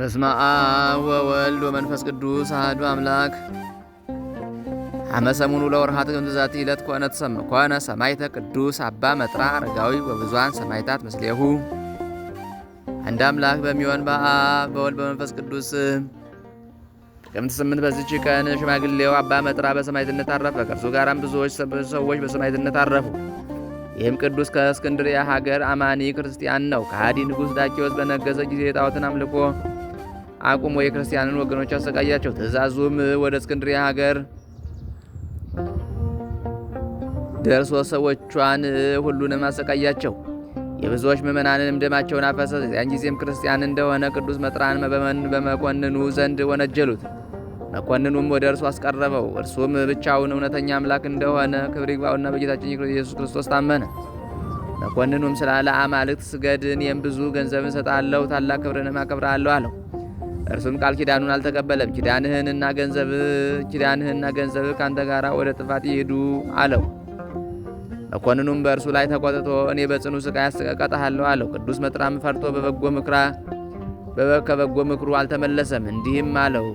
በስመ አብ ወወልድ ወመንፈስ ቅዱስ አህዱ አምላክ። አመ ሰሙኑ ለወርሃ ጥቅምት ዛቲ ዕለት ኮነ ሰማዕተ ቅዱስ አባ መጥራ አረጋዊ ወብዙኃን ሰማዕታት ምስሌሁ። አንድ አምላክ በሚሆን በአብ በወልድ በመንፈስ ቅዱስ ጥቅምት ስምንት በዚች ቀን ሽማግሌው አባ መጥራ በሰማዕትነት አረፈ። ከእርሱ ጋራም ብዙዎች ሰዎች በሰማዕትነት አረፉ። ይህም ቅዱስ ከእስክንድሪያ ሀገር አማኒ ክርስቲያን ነው። ከሃዲ ንጉሥ ዳኪዎስ በነገሰ ጊዜ ጣዖትን አምልኮ አቁሞ የክርስቲያንን ወገኖች አሰቃያቸው። ትእዛዙም ወደ እስክንድሪያ ሀገር ደርሶ ሰዎቿን ሁሉንም አሰቃያቸው። የብዙዎች ምእመናንንም ደማቸውን አፈሰ። ያን ጊዜም ክርስቲያን እንደሆነ ቅዱስ መጥራን በመኮንኑ ዘንድ ወነጀሉት። መኮንኑም ወደ እርሱ አስቀረበው። እርሱም ብቻውን እውነተኛ አምላክ እንደሆነ ክብር ይግባውና በጌታችን ኢየሱስ ክርስቶስ ታመነ። መኮንኑም ስላለ አማልክት ስገድን የም ብዙ ገንዘብን እሰጣለሁ፣ ታላቅ ክብርንም አከብራለሁ አለው። እርሱም ቃል ኪዳኑን አልተቀበለም። ኪዳንህንና ገንዘብ ኪዳንህንና ገንዘብህ ካንተ ጋር ወደ ጥፋት ይሄዱ አለው። መኮንኑም በእርሱ ላይ ተቆጥቶ እኔ በጽኑ ስቃይ አሰቃቀጥሃለሁ አለው። ቅዱስ መጥራም ፈርቶ በበጎ ምክራ ከበጎ ምክሩ አልተመለሰም። እንዲህም አለው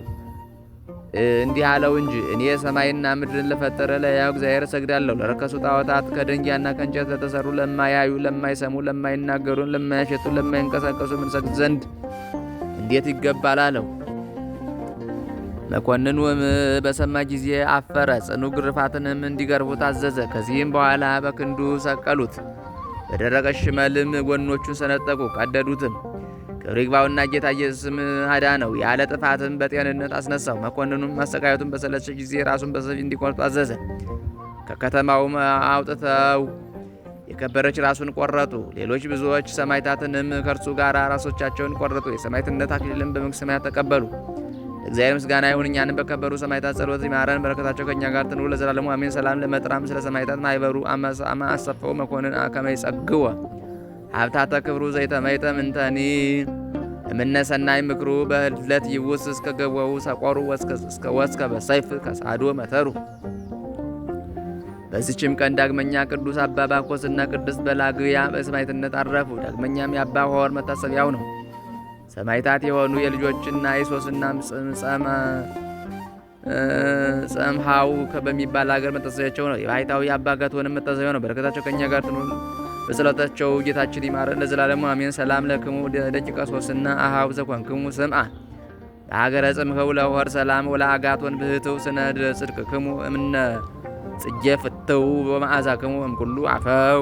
እንዲህ አለው እንጂ እኔ ሰማይና ምድርን ለፈጠረ ለያው እግዚአብሔር እሰግዳለሁ። ለረከሱ ጣዖታት ከድንጋይና ከእንጨት ለተሰሩ ለማያዩ፣ ለማይሰሙ፣ ለማይናገሩን፣ ለማያሸቱ፣ ለማይንቀሳቀሱ ምንሰግድ ዘንድ እንዴት ይገባል አለው። መኮንኑም በሰማ ጊዜ አፈረ። ጽኑ ግርፋትንም እንዲገርፉት አዘዘ። ከዚህም በኋላ በክንዱ ሰቀሉት። በደረቀ ሽመልም ጎኖቹን ሰነጠቁ፣ ቀደዱትም። ክብር ይግባውና ጌታ ኢየሱስም ነው። ያለ ጥፋትም በጤንነት አስነሳው። መኮንኑም ማሰቃየቱን በሰለቸ ጊዜ ራሱን በሰፊ እንዲቆርጡ አዘዘ። ከከተማውም አውጥተው የከበረች ራሱን ቆረጡ። ሌሎች ብዙዎች ሰማይታትንም ከእርሱ ጋር ራሶቻቸውን ቆረጡ። የሰማይትነት አክሊልን በመንግሥተ ተቀበሉ። እግዚአብሔር ምስጋና ይሁን። እኛንም በከበሩ ሰማይታት ጸሎት ይማረን። በረከታቸው ከእኛ ጋር ትኑ ለዘላለሙ አሜን። ሰላም ለመጥራም ስለ ሰማይታት ማይበሩ አማሳማ አሰፈው መኮንን አከመ ጸግወ ሀብታተ ክብሩ ዘይተመይተ ምንተኒ እምነሰናይ ምክሩ በህለት ይውስ እስከ ገወው ሰቆሩ ወስከ በሰይፍ ከሳዶ መተሩ በዚችም ቀን ዳግመኛ ቅዱስ አባ ባኮስና ቅድስት በላግያ በሰማዕትነት አረፉ። ዳግመኛም የአባ ሆር መታሰቢያው ነው። ሰማዕታት የሆኑ የልጆችና የሶስና ጸምሃው በሚባል አገር መታሰቢያቸው ነው። የባይታዊ አባ ገቶንም መታሰቢያው ነው። በረከታቸው ከኛ ጋር ትኑር፣ በጸሎታቸው ጌታችን ይማረን ለዘላለሙ አሜን። ሰላም ለክሙ ደቂቀ ሶስና አሃው ዘኮንክሙ ስምአ በሀገረ ጽምከው ለሆር ሰላም ወለአጋቶን ብህትው ስነ ክሙ እምነ ጽጌ ፍትው በመዓዛክሙ እምኩሉ አፈው